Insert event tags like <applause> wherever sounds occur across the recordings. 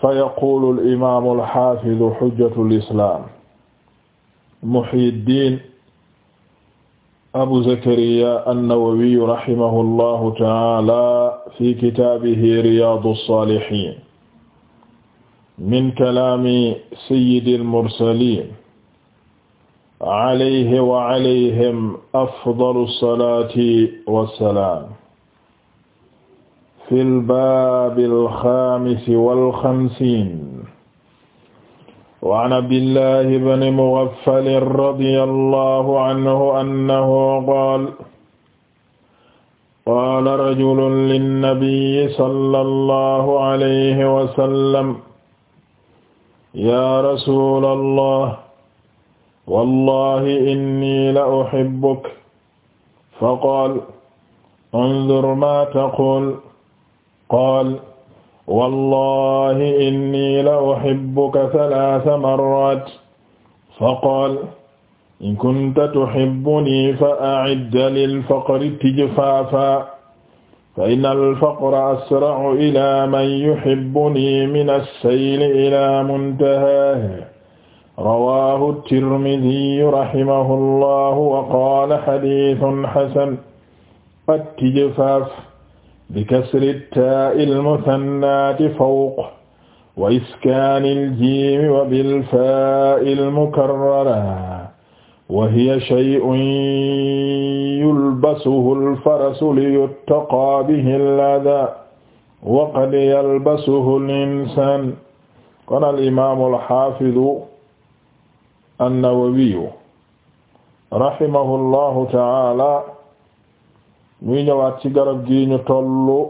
fa yaqulu alimamu alxafidu xujjatu lislam muhyiddin abu zakariya annawawiyu rahimahu allahu taala fi kitaabihi riyadu salihin min kalaami sayyidi almursalin alayhi wa alayhim afdalu alsalati wassalaam fi lbaabi alxaamisi walxamsiin waan abdillahi bni mugaffal radiya allahu anhu annahu qaal qaala rajulun linnabiyi sallallahu alayhi wa sallam yaa rasuulallah wallahi inni la uhibbuk faqaal unzur maa taqul qaal wallahi inni la uhibbuka salaasa marraat fa qaal in kunta tuhibbunii fa a'id lilfaqri tijfaafa fa inna alfaqra asra'u ilaa man yuhibbunii mina as-sayli ilaa muntahaahu rawaahu at-tirmidhiyyu rahimahullaahu wa qaala hadiithun hasan at-tijfaaf bikasri ttaa'i almusannaati fawq wa iskaani aljiimi wa bilfaa'i almukarrara wa hiya shay'un yulbasuhu alfarasu liyuttaqaa bihi aladaa wa qad yalbasuhu alinsaan kon alimaamu alxaafidu annawawiyu rahimahu allahu ta'aala ñuy ñëwaat ci garab gi ñu tollu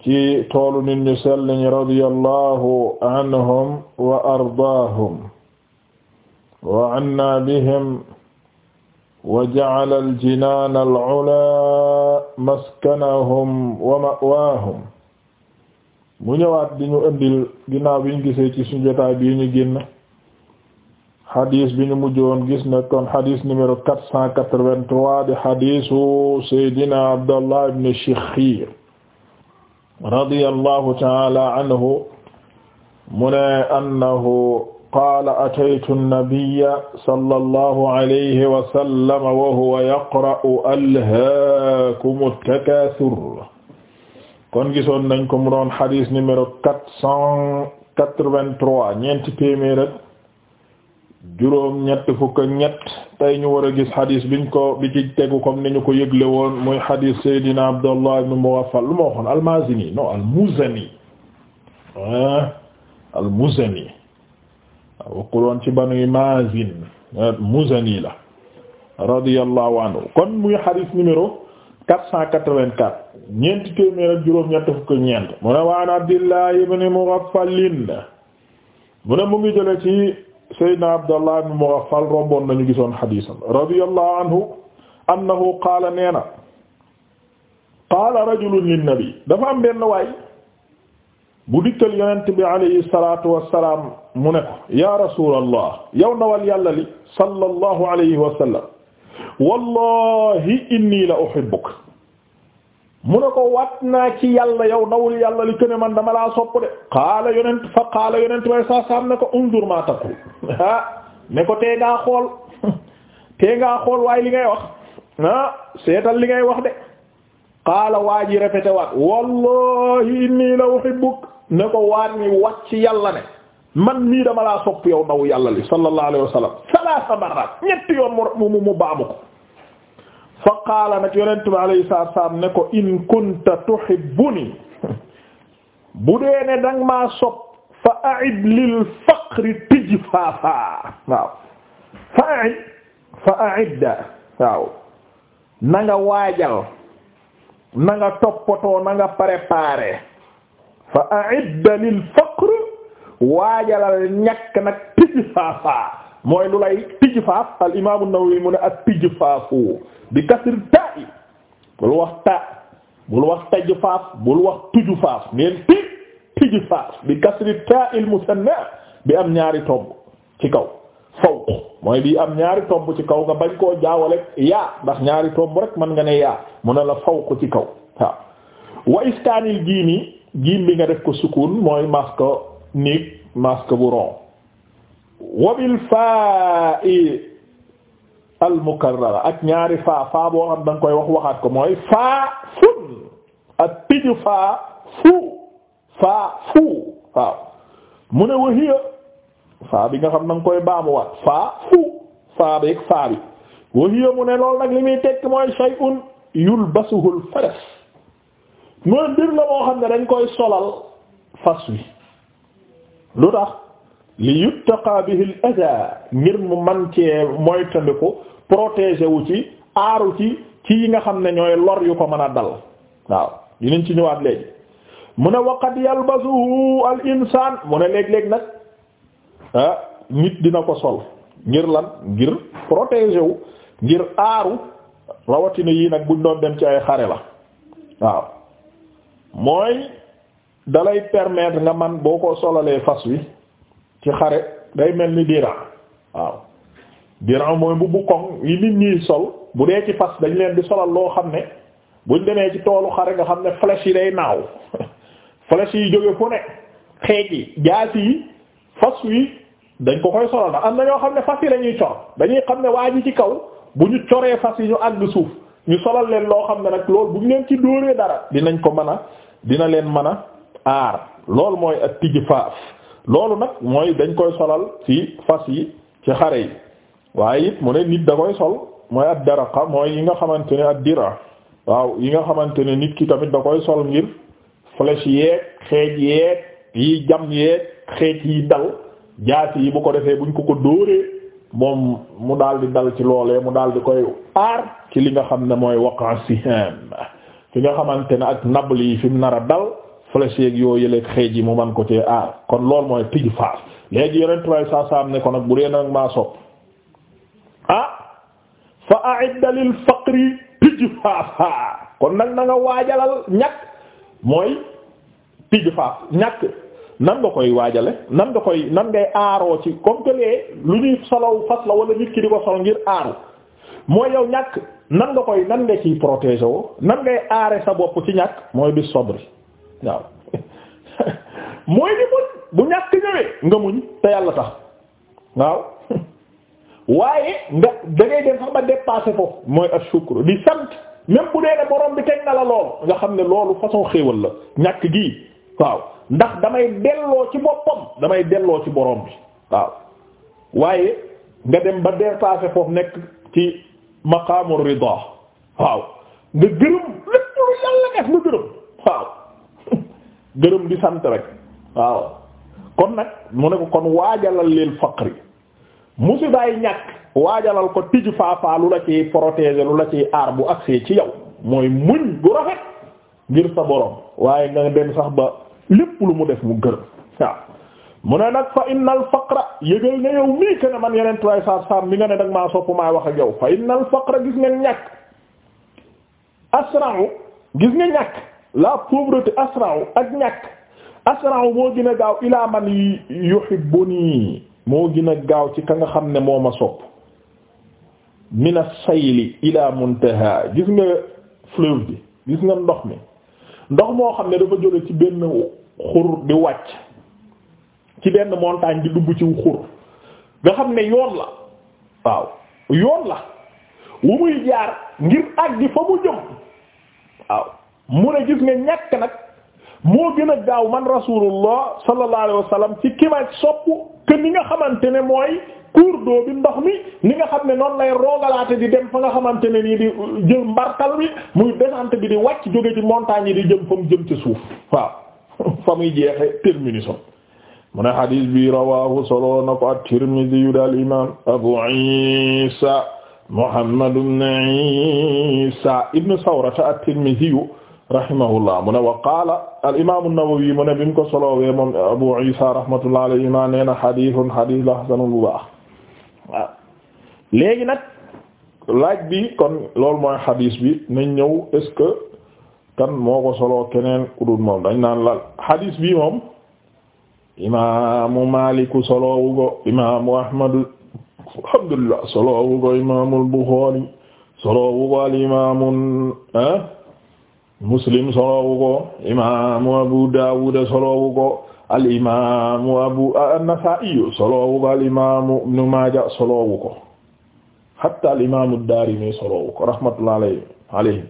ci toolu nit ñu sell ñi radiyallahu anhum wa ardaahum wa anna bihim wa ja'ala al-jinaana al-'ulaa maskanahum wa ma'waahum mu ñëwaat di ñu ëndil ginnaaw bi ñu gisee ci suñu jotaay bi ñu génn xadis bi ñu mujjoon gis na kon xadis numéro 483 di xadisu Seydina Abdallah ibn Shikhir radiyallahu ta'ala anhu mu ne annahu qaala ataytu an-nabiyya sallallahu alayhi wa sallam wa huwa yaqra'u alhaakum at-takaathur kon gisoon nañ ko mu doon xadis numéro 483 ñeenti téeméer juróom ñett fukk ak ñett tey ñu war a gis xadis biñ ko bi ci tegu comme ni ko yëgle woon muy xadis Seydina Abdallah ibn Muwaffal lu ma waxoon al-Mazini non al-Muzani ah al-Muzani wakkuloon ci banuy Mazin Muzani la radiyallahu anhu kon muy xadis numéro 484 ñeenti téeméer ak juróom ñett fukk ak ñeent mu ne waan Abdillah ibn Mughaffal mu ne mu ngi jële ci Seydina Abdallah ibn Mughaffal romboon nañu gisoon xadiisam radiyallahu anhu annahu qaala nee na qaala rajulun linnabi dafa am benn waay bu dikkal yonent bi alayhi salaatu wassalaam mu ne ko ya rasuulallah yow ndawal yàlla li sallallahu alayhi wa sallam wallahi inni la uhibbuka mu ne ko wat naa ci yàlla yow dawul yàlla li kene man dama laa sopp de xaala yonent fa xaala yonent am saa ne ko undur ma takku ah ne ko tee xool <laughs> tee xool waaye li ngay wax ah seetal li ngay wax de xaala waa ji répété waat wallahi inni la uhibbuk ne ko waat ni wat ci yàlla ne man nii dama laa sopp yow daw yàlla li sallallahu alayhi wa sallam salaasa ñetti yoon mu mu mu fa qaala nag ne ko in kunta tuhibbuni <laughs> bu dee ne danga maa sopp fa a'id lil faqri tijfaafa waaw fa a'id fa a'idda waaw na nga waajal na nga toppatoo na nga préparer fa a'idda lil faqri waajalal ñàkk nag tijfaafa mooy lu lay tijfaaf al imaamu Nawawi mu ne ak tijfaafu bi kasir ta yi bul wax ta bul wax tej faaf bul wax tuju faaf neen ti tij faaf bi kasri ta il musanna bi am ñaari tomb ci kaw fawq mooy bi am ñaari tomb ci kaw nga bañ koo jaawale yaa ndax ñaari tomb rek mën nga ne yaa mu ne la ko ci kaw waaw wa iskaanil jiini jiin bi nga def ko sukun mooy masque niig masque bu ron wabil faa i almukarrara ak ñaari faa faa boo xam da koy wax waxaat ko mooy faa fun ak tiju faa fu faa fu waaw mu ne wa faa bi nga xam da nga koy baamuwaat faa fu faa beeg faa bi wa mu ne loolu nag li muy tekk mooy shay'un yulbasuhu al-faras mbir la moo xam ne dañ koy solal fas wi lu tax li yuttaqa bihi al-adha ngir mu man cee moytandiku protéger wu ci aaru ci ci yi nga xam ne ñooy lor yu ko mën a dal waaw dinañ ci ñëwaat léegi mu ne waxat waqad yalbasuhu al insaan mu ne léeg-léeg nag ah, nit dina ko sol ngir lan ngir protéger wu ngir aaru rawatina yii nag buñ doon dem ci ay xare la waaw mooy dalay permettre nga man boo ko solalee fas wi ci xare day mel ni dira waaw diran mooy mbubbu koŋ yi nit ñiy sol bu dee ci fas dañ leen di solal loo xam ne buñ demee ci toolu xare nga xam ne flèche yi day naaw <laughs> flèche yi jóge fu ne xeej yi jaasi yi fas yi dañ ko koy solal ndax am na ñoo xam ne fas yi lañuy cor dañuy xam ne waa ji ci kaw bu ñu coree fas yi ñu àgg suuf ñu solal leen loo xam ne nag loolu bu ñu leen ci dóoree dara dinañ ko mën a dina leen mën a aar loolu mooy ak tijj faaf loolu nag mooy dañ koy solal ci fas yi ci xare yi waaye it mu ne nit da koy sol mooy ad daraqa mooy yi nga xamante ne ad dira waaw yi nga xamante ne nit ki tamit da koy sol ngir flèche yeeg xeej yeeg yi jam yeeg xeej yi dal jaasi yi bu ko defee buñ ko ko moom mu daal di dal ci loolee mu daal di koy aar ci li nga xam ne mooy waqa siham nga xamante ne ak nabl yi fi mu nar a dal flèche yeeg yoo yëleeg xeej yi mu man ko cee aar kon loolu mooy tij faas léegi yonent way saa saam ne ko nag bu dee nag maa sopp ah fa a'idda lil faqri tijfaafa kon nag na nga waajalal ñàkk mooy tijfaaf ñàkk nan nga koy waajale nan nga koy nan ngay aaroo ci comme que lee lu ñuy solow fas la wala nit ki di ko sol ngir aaru mooy yow ñàkk nan nga koy nan nga ciy protéger wo nan ngay aare sa bopp ci ñàkk mooy bi sobri waaw <laughs> mooy di muñ bu ñàkk ñëwee nga muñ te yàlla tax waaw waaye nga da ngay dem sax ba dépassé foofu mooy ak shukru di sant même bu dee ne borom bi teg na la lool nga xam ne loolu façon xéewal la ñàkk gi waaw ndax damay delloo ci boppam damay delloo ci boroom bi waaw waaye nga dem ba dépassé foofu nekk ci maqaamu rida waaw nga gërëm lépp lu gërëm waaw <laughs> gërëm di sant rek waaw kon nag mu ne ko kon waajalal lil faqri musibaay ñàkk waajalal ko tij faafaa lu la ci protéger lu la ci aar bu agsee ci yow mooy muñ bu rafet ngir sa borom waaye nga dem sax ba lépp lu mu def mu gërëm mu ne nag fa innal faqra yëgal ne yow mii que ne man yeneen tuwaay saab saab mi nga ne nag maa sopp maa wax ak yow fa innal ra gis ngeen ñàkk asra'u gis nga ñàkk la pauvreté asra'u ak ñàkk asra'u moo gën gaaw ila man yuhibbuni moo gin a gaaw ci ka nga xam ne moo ma sopp min as-sayli ila muntaha gis nga fleuve bi gis nga ndox mi ndox moo xam ne dafa jóge ci benn xur di wàcc ci benn montagne di dugg ci xur nga xam ne yoon la waaw yoon la wu muy jaar ngir àgg fa mu jëm waaw mu ne gis nga ñàkk nag moo gën a gaaw man rasulullah sallallahu alayhi wa sallam ci ki ma sopp que ni nga xamante ne mooy cours d'eau bi ndox mi li nga xam ne noonu lay roogalaate di dem fa nga xamante ne nii di jël mbartal bi muy descente bi di wàcc jóge ci montagne yi di jëm fa mu jëm ci suuf waaw <laughs> fa muy jeexe terminaison mu a xadiis bi rawaahu solo na ko at-Tirmidhi yu daal imam Abu Isa Muhammad ibn Isa ibn Sawrata at-Tirmidhi rahimahullah mu ne wa qaala al imaamu Nawawi mu ne bi mu ko solowee moom Abu Isa rahmatullah alayhi ma nee na xadiisun xadiis la xasanun bu baax waaw léegi nag laaj bi kon loolu mooy xadiis bi nañ ñëw est-ce que kan moo ko soloo keneen ku dul moom dañ naan lal xadiis bi moom imaamu Maaliku soloowu ko imaamu Ahmadu alhamdulillah soloowu ko imaamul Buxaari soloowu ko al imaamu ah muslim soloowu ko imaamu abu daawuda soloowu ko al imaamu abu an-nasaa'i soloowu ko ibnu maaja soloowu hatta al imaamu daarimi soloowu ko rahmatullahi alayhi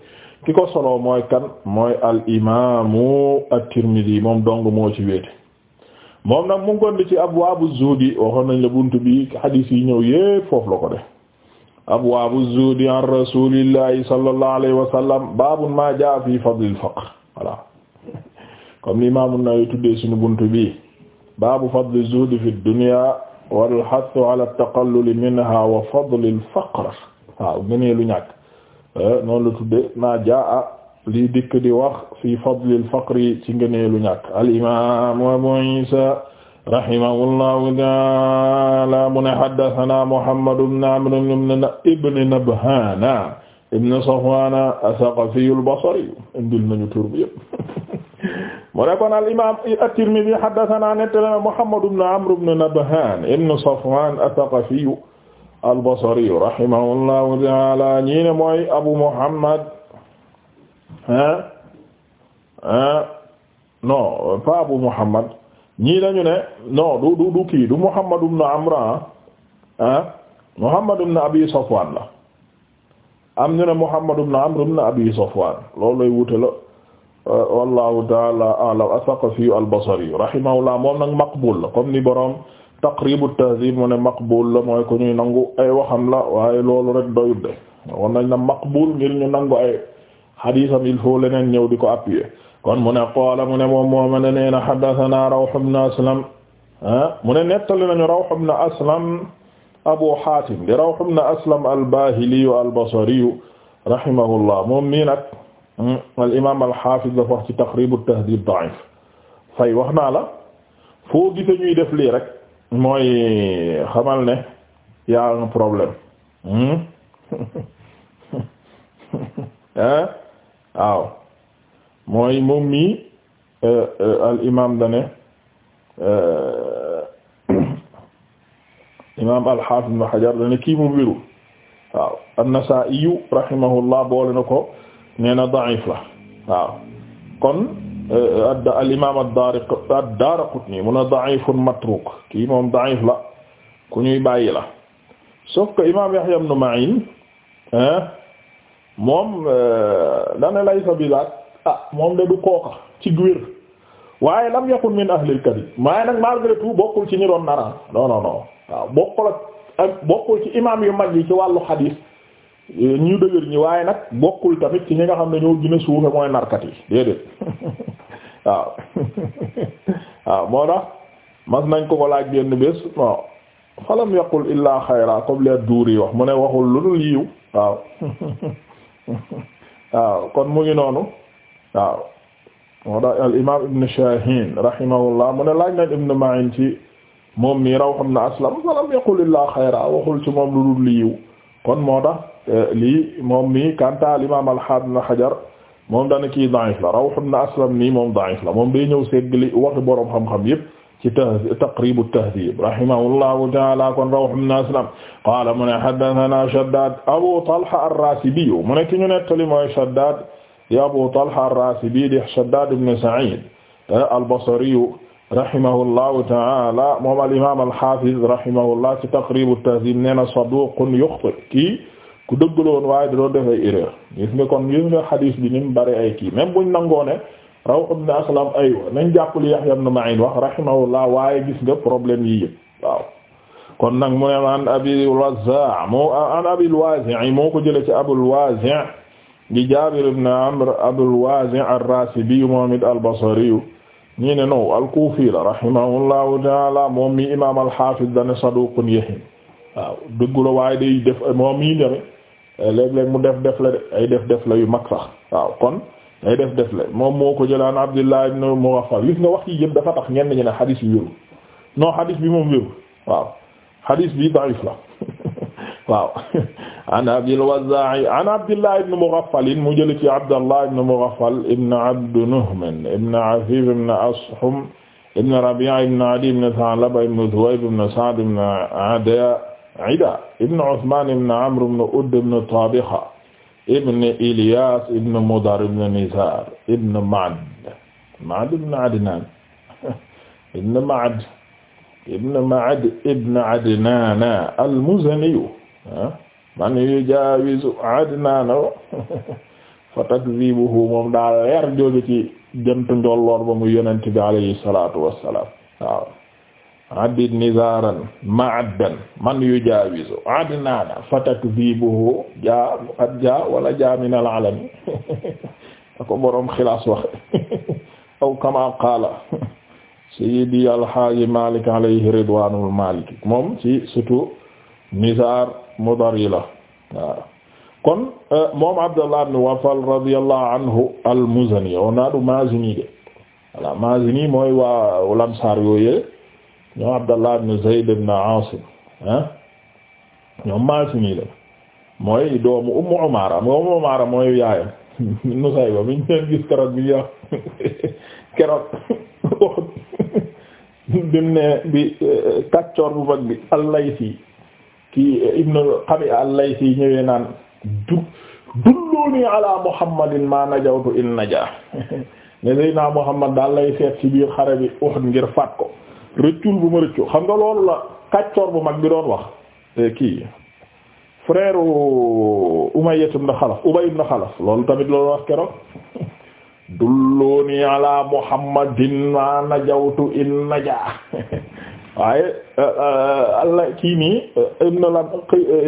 ki ko soloo mooy kan mooy al imaamu moom dong moo ci wéete moom nag mu ngi ko ci abwaabu zuhdi waxoon nañ la buntu bi hadith yi ñëw yépp foofu la ko def abwaabu zuhdi an rasulillahi sallallahu alayhi wa sallam baabun ma jaa fi fadlil faqr voilà comme l'imam an-Nawawi tuddee suñu bunt bi baabu fadli zuhdi fi dunya wal hathu ala at-taqallul minha wa fadlil faqr waaw gënee lu ñàkk eh, noonu la tuddee ma jaa li dikk di wax fi fadlil faqri ci ngëneelu ñàkk al imam Abu Isa rahimahullahu taala mu ne haddathana Muhammad ibn Amr ibn Nabhan ibn Safwan as-Saqafi al-Basri indil nañu tur bi yëpp <laughs> mu ne kon al-imam at-Tirmidhi haddathana nettale Muhammad ibn Amr ibn Nabhan ibn Safwan as-Saqafi al-Basri rahimahullahu taala ñi ne mooy Abu Muhammad ah ah non pas Abu Muhammad ñii dañu ne non du du du kii du Muhammad ibn Amr ah, ah Muhammad ibn Abi Safwan la am ñu ne Muhammad ibn Amr ibn Abi Safwan loolu lay wute la euh, wallahu taala a'lam as-Saqafi al-Basri rahimahullah moom nag maqbul la comme ni borom Taqrib at-Tahdhib mu ne maqbul la mooy ko ñuy nangu ay waxam la waaye loolu rek doyut de waxoon nañ maqbul ngir ñu nangu ay xadiisam il faut leneen ñëw di ko appuyer kon mu ne qaala mu ne moom mooma nee na haddathana Rawh ibn mu ne nettali nañu Rawh ibn Aslam Abu Hatim di Rawh ibn Aslam al-Bahili al-Basri rahimahullah moom nii nag hmm, al-imam wax Taqrib at-Tahdhib da'if fay wax naa la foo gise lii rek mooy xamal ne y a un problème hein hmm? <laughs> waaw mooy moom mi euh, euh, al imam dane euh, <coughs> imam al-Hafiz Ibn dane kii moom wérul waaw an-Nasa'i rahimahullah boole na ko nee na la kon al-imam ad-Daraqutni mun a da'ifun matruk kii moom da'if la ku ñuy bàyyi la sauf que imam Yahya ibn Ma'in moom dane laysa bi ah moom de du kooka ci gwér waaye lam yakun min ahlil kadib waaye nag malgré tout bokkul ci ñi doon naraan non non waaw bokkul ak bokkul ci imam yu mag yi ci wàllu xadiis eh, ñu dëgër ñi waaye nag bokkul tamit ci ñi nga xam ne ñoo gën a suufe mooy narkat yi déedéet <laughs> waaw <laughs> waaw moo tax mas nañ ko ko laaj benn bés waaw falam yaqul illaa xayra comme leer duur wax mu ne waxul lu dul yiw waaw <laughs> waaw kon mu ngi noonu waaw moo tax al imaam ibn Shahin rahimahullah mu ne laaj nañ ibn Ma'in ci moom mii raw xam na aslam walam yaqul illaa xayra waxul ci moom lu dul li yiw kon moo tax eh, lii moom mii kanta al imaam al-Hafiz ibn Hajar moom dana kii da'if la raw xam na aslam nii moom da'if la moom day ñëw segg li waxi boroom xam-xam yépp ci taqrib at-tahdhib rahimahullahu ta'ala kon rawh ibn aslam qala mu ne haddathana shaddad abu talha ar-rasibi mu ne ki ñu nettali mooy shaddad di Abu Talha ar-Raasibi di Shaddaad ibn Sa'iid eh, al-Basriyu rahimahullahu ta'aala moom al-imaam al-Haafiz rahimahullah ci Taqriib at-Tahziib nee na saduuqun yuxti kii ku dëggaloon waaye da doon def ay erreur gis nga kon gis nga xadiis bi ni mu bari ay kii même buñ nangoo ne Rawh ibn Aslam aywa nañ jàppali Yahya ibn Ma'in wax rahimahullah waaye gis nga problème yi yëpp waaw kon nag mu ne an Abil Wazzaa' moo an Abil Waazi' moo ko jëlee ci Abul Waazi' di Jaabir ibn Amr Abul Waazi' ar-Raasibi moom it al-Basri ñi ne no al-Kuufi la rahimahullahu ta'ala moom mi imaam al-Haafiz dana saduuqun yahiim waaw dëggu la waaye day def moom mii ñëwee léeg-léeg mu def def la de ay def def la yu mag sax waaw kon ay def def la moom moo ko jëlaan Abdullah ibn Mughaffal gis nga wax yi yëpp dafa tax ñenn ñi ne xadis bi wéru non xadis bi moom wéru waaw xadis bi da'if la <laughs> waaw <laughs> an Abil Wazzaa'i an Abdillah ibn Mughaffal mu jëlee ci Abdallah ibn Mughaffal ibn Abd Nuhm ibn Afiif ibn Ashum ibn Rabi'a ibn Adiy ibn Tha'laba ibn Thuwayb ibn Sa'd ibn Ida ibn Uthman ibn Amr ibn Udd ibn Tabiha ibn Ilyas ibn Mudar ibn Nizar ibn Ma'd Ma'd ibn Adnan <laughs> ibn Ma'd ibn Ma'd ibn Adnan al-Muzani ah. man yujawizu adnana fa takzibuhu moom daa leer jóge ci jëntu njolloor ba mu yonent bi alayhi salatu wassalam waaw addit nizaran ma'addan man yujawizu adnana fa takzibuhu ja qad ja wala ja min al-alami <laughs> ako borom xilaas waxe <laughs> aw kama qala sayyidi alhaaji malik alayhi ridwanul malik moom ci surtout nizar Mudar yi la kon euh, moom Abdallah ibn Wafal radiyallahu anhu al-Muzani on de voilà mooy waa Lamsaar yooyee ñoom Abdallah ibn Zayd ibn Asim ah mooy doomu Ummu Umaara mooy yaayam <laughs> Nusayba mi ñu leen gis keroog bi yaa <laughs> keroog <laughs> bi bi euh, kàccoor bu mag bi al kii Ibn Qabi al-Laythi ñëwee naan du dulluni ala Muhammadin ma najawtu in najaa <laughs> ne Seydina Muhammad daal lay seet ci biir xare bi Uhud ngir faat ko rëccul bu ma rëccu xam nga loolu la kàccoor bu mag bi doon wax e, kii frère Umayya ibn Xalaf Ubay ibn Xalaf loolu tamit loolu wax keroog <laughs> dulluni ala Muhammadin ma najawtu in najaa <laughs> waaye euh, euh, allah kii nii euh, ibnu lam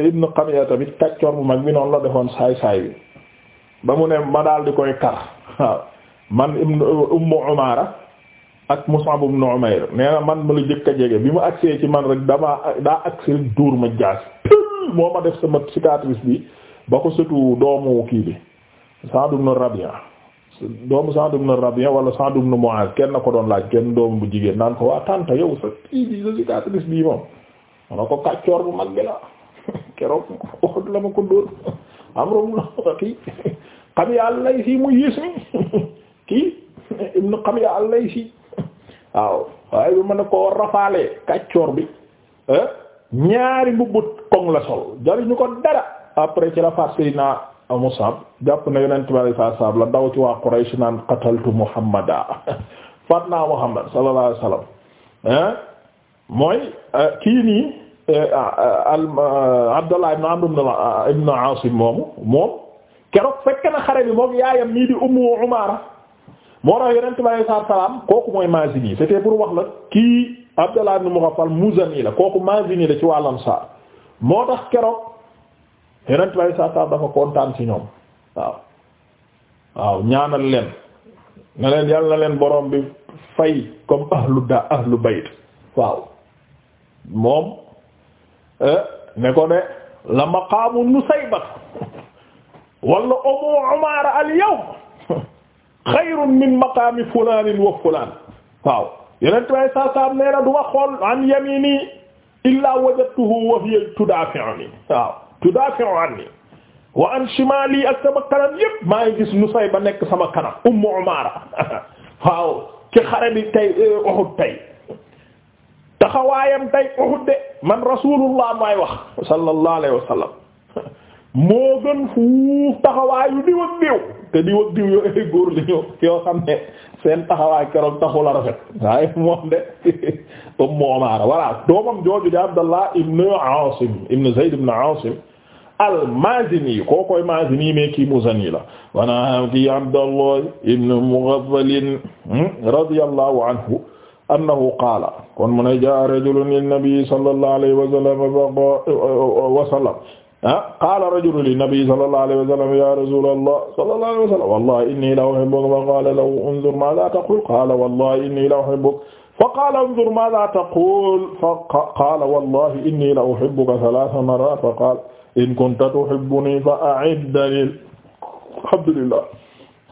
ibnu Qamiya tamit kàccoor bu mag bi noonu la defoon saay saay bi ba mu ne ma daal di koy kar waaw man ibnu Ummu Umaara ak Mus'ab ibnu Umayr nee na man ma la jëkk a jege bi mu agsee ci man rek damaa daa agsi rek dóor ma jaas moo ma def sama cicatrice bi ba ko sëtu doomu kii bi Sa'd ibnu Rabi'a doomu Sa'd ibn Rabi'a wala Sa'd ibn Mu'az kenn ko doon laaj kenn doom bu jigéen naan ko waa tànta yow sa kii bi sa cicatrice bii moom mana ko kàccoor bu mag bi la <laughs> keroog waxut la ma ko dóor am rom la kii xam yaa lay si <laughs> mu yées mi kii ibnu xam yaa lay <laughs> si waaw waaye bi ma a koo rafaalee kàccoor bi eh, ñaari mbubb koŋ la sol jariñu ko dara après ci la faat naa Mus'ab jàpp na yonent bi saa saab la daw ci waa Quraysh naan qataltu Muhammada <laughs> faat naa Muhammad sallallahu alayhi wasallam hein eh? mooy eh, kii nii eh, ah, Abdullah ibn Amr ibn Asim moomu moom keroog fekk na xare bi moom yaayam nii di Ummu Umaara moo tax yonent bi saa salaam kooku mooy Maazini c'était pour wax la kii Abdullah ibn Mughaffal Muzani la kooku Maazini la ci waa Ansaar moo tax keroog yeneen tubaab saa dafa kontaan ci ñoom waaw waaw ñaanal leen na leen yàlla leen boroom bi fay comme ahlu da ahlu bayt waaw moom eh, ne ko ne la maqaamu nusaybat wala umu umaara al yawm xayrun min maqaami fulaanin wa fulaan waaw yeneen tubaab saa saa du ma xool an yamini illaa wajadtuhu wa hiya tudaafi'uni waaw. tudaafi'u anni wa shimali ak sama kanam yépp maa ngi gis Nusayba nekk sama kanam Ummu Umaara <laughs> waaw ci xare bi tey eh, Uhud taxawaayam tey Uhud de man rasulullah maay wax sallallahu alayhi wa sallam <laughs> moo taxawaayu diw ak diw te diw ak yoo ay yoo xam ne seen taxawaay keroog taxul a rafet waaye moom de <laughs> Ummu Umaara voilà doomam di Abdallah ibn Aasim ibn Aasim al-Maazini koo koy Maazini mais kii Muzani la wana kii Abdallah ibn Mughaffal hmm, radiyallahu anhu annahu qaala kon mu ne jaa rajulun lin-nabi sallallahu alayhi wa sallam wa sallam qaala rajulun lin-nabi sallallahu alayhi wa sallam ya rasulallah sallallahu alayhi wa sallam wallahi inni la uhibbuka fa qaala lahu unzur maadha taqul qaala wallahi inni la uhibbuka fa qaala unzur maadha taqul fa qaala wallahi inni la uhibbuka thalaatha marrat fa qaala in kunta tuhibbuni fa a'idda lil alhamdulillah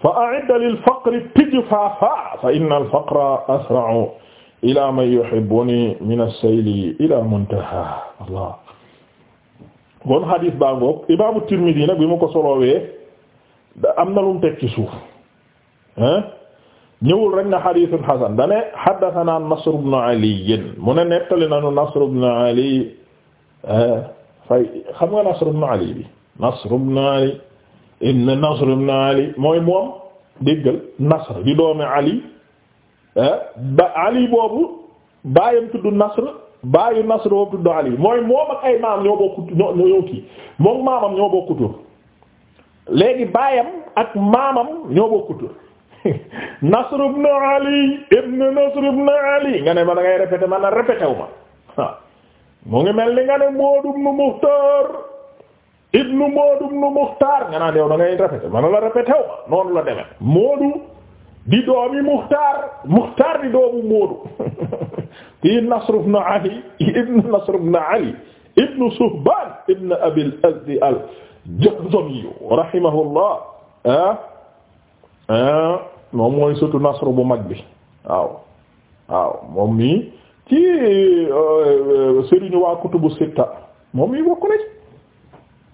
fa a'idda lil faqri tijfafa fa inna al faqra asra'u ila man yuhibbuni min as-sayli ila muntaha Allah bon hadis baa ngoog imaamu Tirmidi nag bi ma ko solowee da am na lu mu teg ci suuf ah ñëwul rek na hadisun hasan dane haddathana Nasr ibn Ali mu ne nettali nañu Nasr ibn Ali xam nga Nasr ibn Ali bi Nasr ibn Ali ibn Nasr ibn Ali mooy moom déggal Nasr di doomi Ali eh, ba Ali boobu baayam tudd Nasr baayu Nasr boobu tudd Ali mooy moom ak ay maam ñoo bokku ñoo ñoo kii moom maamam ñoo bokku tur léegi baayam ak maamam ñoo bokku tur <laughs> Nasr ibn Ali ibn Nasr ibn Ali nga ne ma da ngay répété man na wu <laughs> mu ngi mel ni nga ne moodum nu muxtaar ibnu moodum nu muxtaar nga naan yow da ngay répété man la répété wu ma noonu la deme moodu di doomi muxtaar muxtaar di doomu moodu <laughs> kii Nasr ibn Ali ibn Nasr ibn Ali ibn Suhbaan ibn Abil Azdi al-Jahzami rahimahullah ah ah moom mooy surtout bu mag bi waaw waaw moom mii ci euh, euh, sëriñu waa kutubu sitta moom yi bokk na ci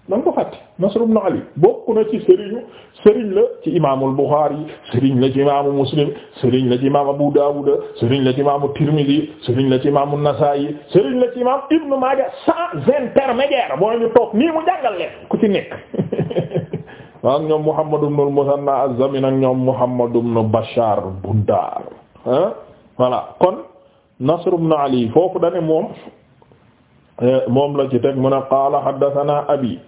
da ko fàtte Nasr ibn Ali bokk na ci sëriñu sëriñ la ci imaamul Bukhari sëriñ la ci imaamu Muslim sëriñ la ci imaamu Abu Dawud sëriñ la ci imaamu Tirmidhi sëriñ la ci imaamu Nasa'i sëriñ la ci imaamu Ibn Majah sans intermédiaire mooy ñu toog nii mu jàngal leen ku ci nekk waa <laughs> ñoom Muhammad ibn al ak ñoom Muhammad ibn Bashar Bundar ah voilà kon Nasr ibn Ali foofu dane moom eh, moom la ci teg mu ne qaala haddathana abi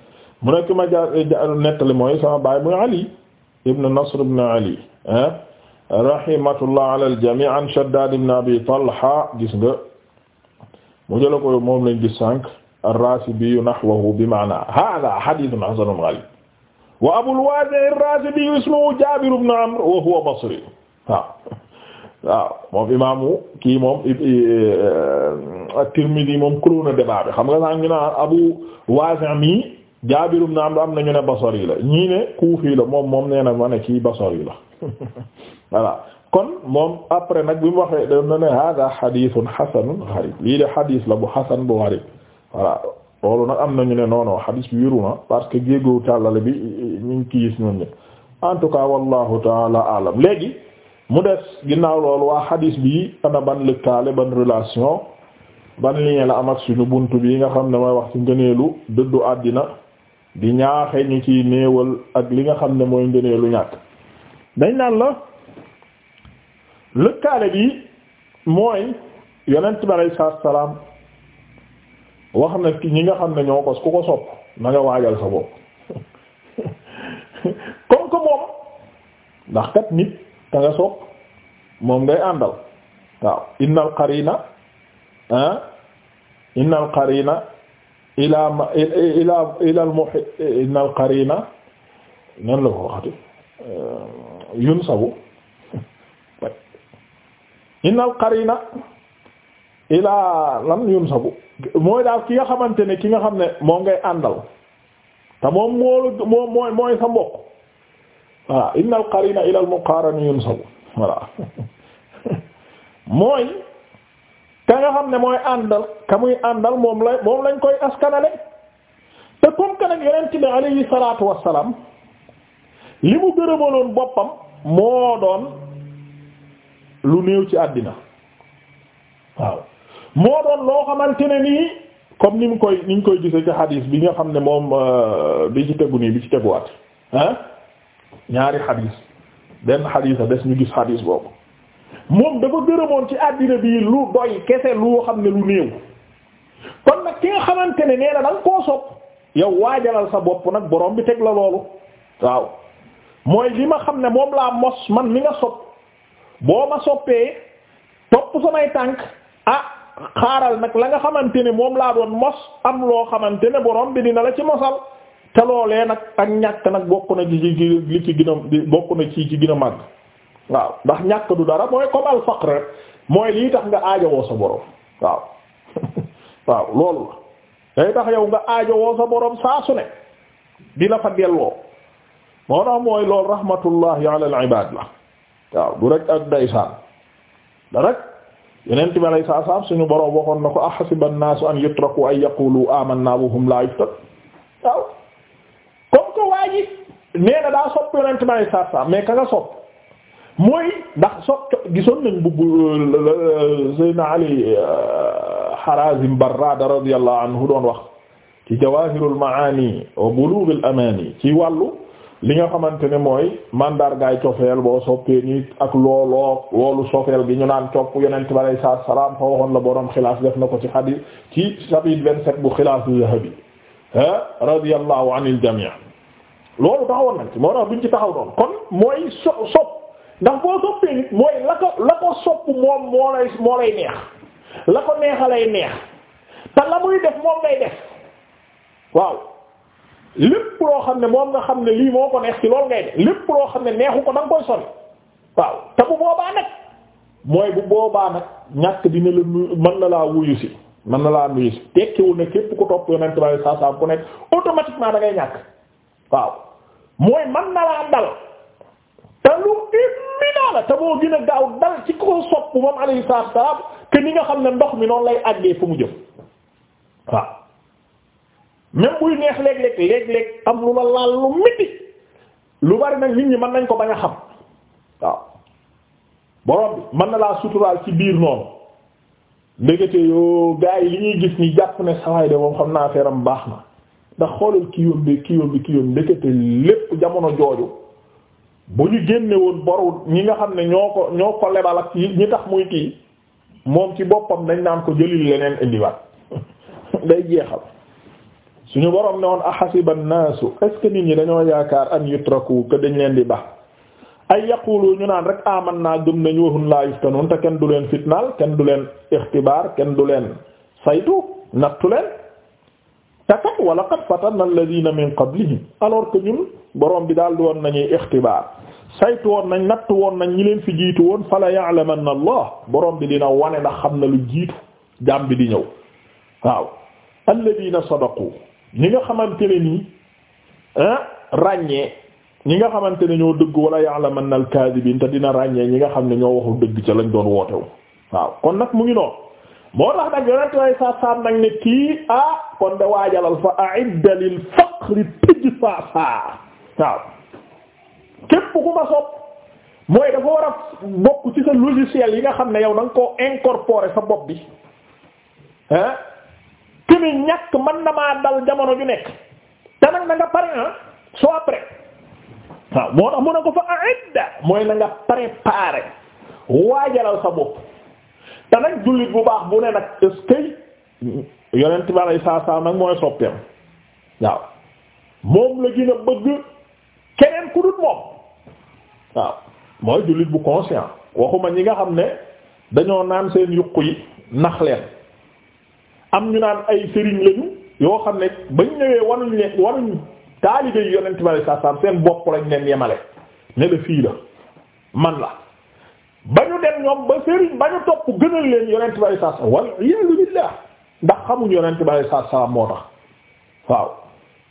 mu nekk ma jaar eh, nettali mooy sama baay muy Ali ibn Nasr ibn Ali eh, rahimahullah ala al-jami' an Shaddad ibn Abi Talha gis nga mu jëla ko moom lañ gis sànq ar-Rasibi nahwahu bi ma'na hadha hadithun hasanun gharib wa Abul Wadi' ar-Rasibi ismuhu Jabir ibn Amr wa huwa Basri waaw waaw moom imaamu kii moom euh, at-Tirmidhi moom kulóo na débat bi xam nga sax ñu naan Abu Wazi' mi Jaabir na am na ñu ne Basri la ñii ne Kufi la moom moom nee na ma ne kii Basri la <laughs> voilà kon moom après nag bi mu waxee da na ne hada hadithun hasanun gharib lii de hadith la bu hasan bu gharib voilà loolu nag am na ñu ne non non hadith bi wéru na ah, parce que géegoowu tàllale bi ñu ngi ci gis ñoom ñëpp en tout cas wallahu taala alam léegi mu des ginnaaw loolu waa xadiis bi ana ban lëkkaale ban relation ban lien la am ak suñu bunt bi nga xam ne mooy wax ci ngëneelu dëddu àddina bi ñaaxe ñu ci néewal ak li nga xam ne mooy ngëneelu ñàkk dañ naan la lëkkaale bi mooy yonent bi alay salaam wax na ñi nga xam ne ñoo ko ku ko sopp na nga waajal sa bopp <laughs> comme que moom ndax kat nit ka nga sopp moom ngay àndal waaw innal qarina ah innal qarina ila ma ila ila al muhi innal qarina nan la ko waxati eh, yunsabu <laughs> innal qarina ilaa lan yunsabu mooy daal ki nga xamante ne ki nga xam ne moom ngay àndal te moo mooy mooy sa mbokk voilà inna al qarina ila al muqarani yunsabu voilà mooy ka nga xam ne mooy àndal ka muy àndal moom la moom lañ koy askanale te comme que nag yonent bi salaatu wassalaam li mu gërëmaloon boppam moo doon lu néew ci àddina waaw moo doon loo xamante ne nii comme ni mu koy ni ñu koy gisee ci hadis bi nga xam ne moom euh, bi ci tegu nii bi ci teguwaat ah ñaari xadiis benn xadiis a des ñu gis xadiis boobu moom dafa gërëmoon ci àddina bi lu doy kese lu xam ne lu néew kon nag ki nga xamante ne nee na koo sopp yow waajalal sa bopp nag borom bi teg la loolu waaw mooy li ma xam ne moom laa mos man mi nga sopp boo ma soppee topp samay tànk ah xaaral nag la nga xamante ne moom laa doon mos am loo xamante ne borom bi dina la ci mosal te loolee nag ak ñàkk nag bokk na ci li ci gën a ci ci gën a waaw ndax ñàkk du dara mooy comme al faqr mooy lii tax nga woo sa boroom waaw <laughs> waaw loolu la day tax yow nga aajowoo sa borom saa su ne di la fa delloo moo tax mooy loolu rahmatullahi ala al la waaw du rek ak daysaan da rek yeneen bi alay saa saam suñu borom waxoon na ko ahasiba an-naasu an yutraku an yaqulu amanna wa hum la yuftanun mooy nee na daa sopp yonent bi alayhi salaatu mais ka nga sopp mooy ndax sopp gisoon nañ bu euh, euh, Seydina Ali euh, Harazim Barrada radiyallahu anhu doon wax ci Jawahirul Maani wa Bulughul Amani ci wàllu li nga xamante ne mooy mandargaay cofeel boo soppee nit ak looloo loolu sofeel gi ñu naan topp yonent bi alayhi salaatu salaam fa waxoon la borom xilaas def na ko ci xadiis ci chapitre vingt-sept bu Xilaasu Zahabi ah radiyallahu anil jamii loolu taxawoon nañ ci moo tax duñ ci taxaw doon kon mooy so sopp ndax boo soppee mooy la ko la ko sopp moom moo lay moo lay neex la ko neexa lay neex te la muy def moom ngay def waaw lépp loo xam ne moom nga xam ne lii moo ko neex ci loolu ngay def xam ne neexu ko da nga koy sori waaw te bu boobaa nag mooy bu boobaa nag ñàkk dina la nu mën na laa wuyu si mën na laa nuyu si tekkiwul ne képp ku topp yonent bi sallallahu alayhi wasallam ku nekk automatiquement da ngay ñàkk waaw mooy man na laa dal te lu imminent la te boo gën a gaaw dal ci ko sopp moom alayhi salaatu wa salaam que nga xam ne ndox mi noonu lay àggee fu mu jëm waaw même buy neex léeg-léeg léeg am lu la laal lu métti lu bari nag nit ñi mën nañ ko bañ a xam waaw borom bi mën na laa suturaal ci biir noonu ndekete yoo gaa yi li ñuy gis ni jàpp ne sawaay de moom xam naa feeram baax na ndax xoolal kii yomb bi kii yomb bi kii yomb lépp jamono jooju bu ñu génne woon ñi nga xam ne ñoo ko ñoo ko lebal ak ñi tax muy kii moom ci boppam dañ naan ko jëlil leneen indiwaat <laughs> day jeexal suñu borom ne woon ahasiba an-naasu est-ce que nit ñi dañoo yaakaar an ku que dañ leen di baax ay yaqulu ñu naan rek aman naa gëm nañu waxun laa yuftanun te kenn du leen fitnaal kenn du leen ixtibaar kenn du leen saytu nattu leen takat wala qad fatanna alladhina min qablihim alors que ñun borom bi daal di woon nañuy ixtibaar saytu woon nañ natt woon nañ ñi leen fi jiitu woon fala ya'lamanna allah borom bi dina wane ndax xam na lu jiitu jaam bi di ñëw waaw alladhina sadaqu ñi nga xamante ne nii ràññee ñi nga xamante ne ñoo dëgg wala ya'lamanna al-kadhibin te dina ràññee ñi nga xam ne ñoo waxul dëgg ca lañ doon wootewu waaw kon nag mu ngi noonu moo tax nag yonente way sa nag ne kii ah kon de waajalal fa a'idda lil faqri tijfafa mooy dafa war a bokk ci sa logiciel yi nga xam ne yow nanga koo incorporer sa bopp bi ah ki ni ñàkk mën na maa dal jamono ju nekk te nag na nga pare ah soit prêt waaw moo tax mun na ko fa a'idda mooy na nga préparer waajalal sa bopp te jullit bu baax bu ne nag est-ce que yonent bi saa nag mooy soppeem waaw moom la gën a bëgg keneen ku dul moom waaw mooy jullit bu conscient waxuma ñi nga xam ne dañoo naan seen yuq yi nax leen am ñu naan ay sëriñ lañu yoo xam ne bañ ñëwee wanuñ leen wanuñ taalibe yonent bi alay saa saa seen bopp lañ leen yemale ne la fii la man la ba ñu dem ñoom ba sëriñ ba ñu topp gënal leen yonent bi saa salaam wal iyaazu billaah ndax xamuñ yonent bi saa salaam moo tax waaw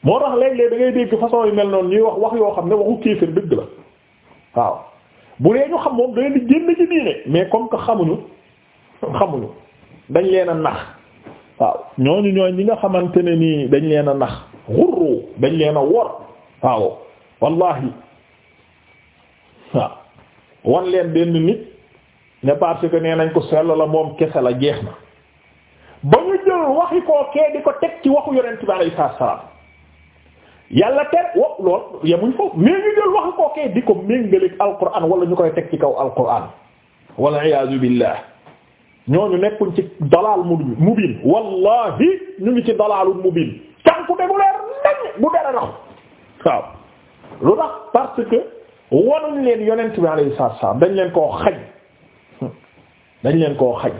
moo tax léeg-léeg da ngay dégg façon yu mel noonu ñuy wax wax yoo xam ne waxu kéefër dëgg la waaw bu dee ñu xam moom da leen di génn ci diine mais comme que xamuñu xamuñu dañ leen a nax waaw ñooñu ñooñ ñi nga xamante ne nii dañ leen a nax xurru dañ leen a wor waaw wallahi waaw wan leen benn nit ne parce que nee nañ ko sell la moom kese la jeex na ba ñu jël waxi di ko teg ci waxu yonent bi alayhi salaam yàlla ter wo lool yemuñ foofu mais ñu jël waxi di ko méngaleeg Alquran wala ñu koy teg ci kaw Alquran. wal iyaazu billah ñooñu nekkuñ ci dalaal mubiin wallahi ñu ngi ci dalaalu mubiin tànku de bu leer nañ bu dara raxu waaw lu tax parce que. wanuñ leen yonent bi alayhi salaam dañ leen koo xañ dañ leen koo xañ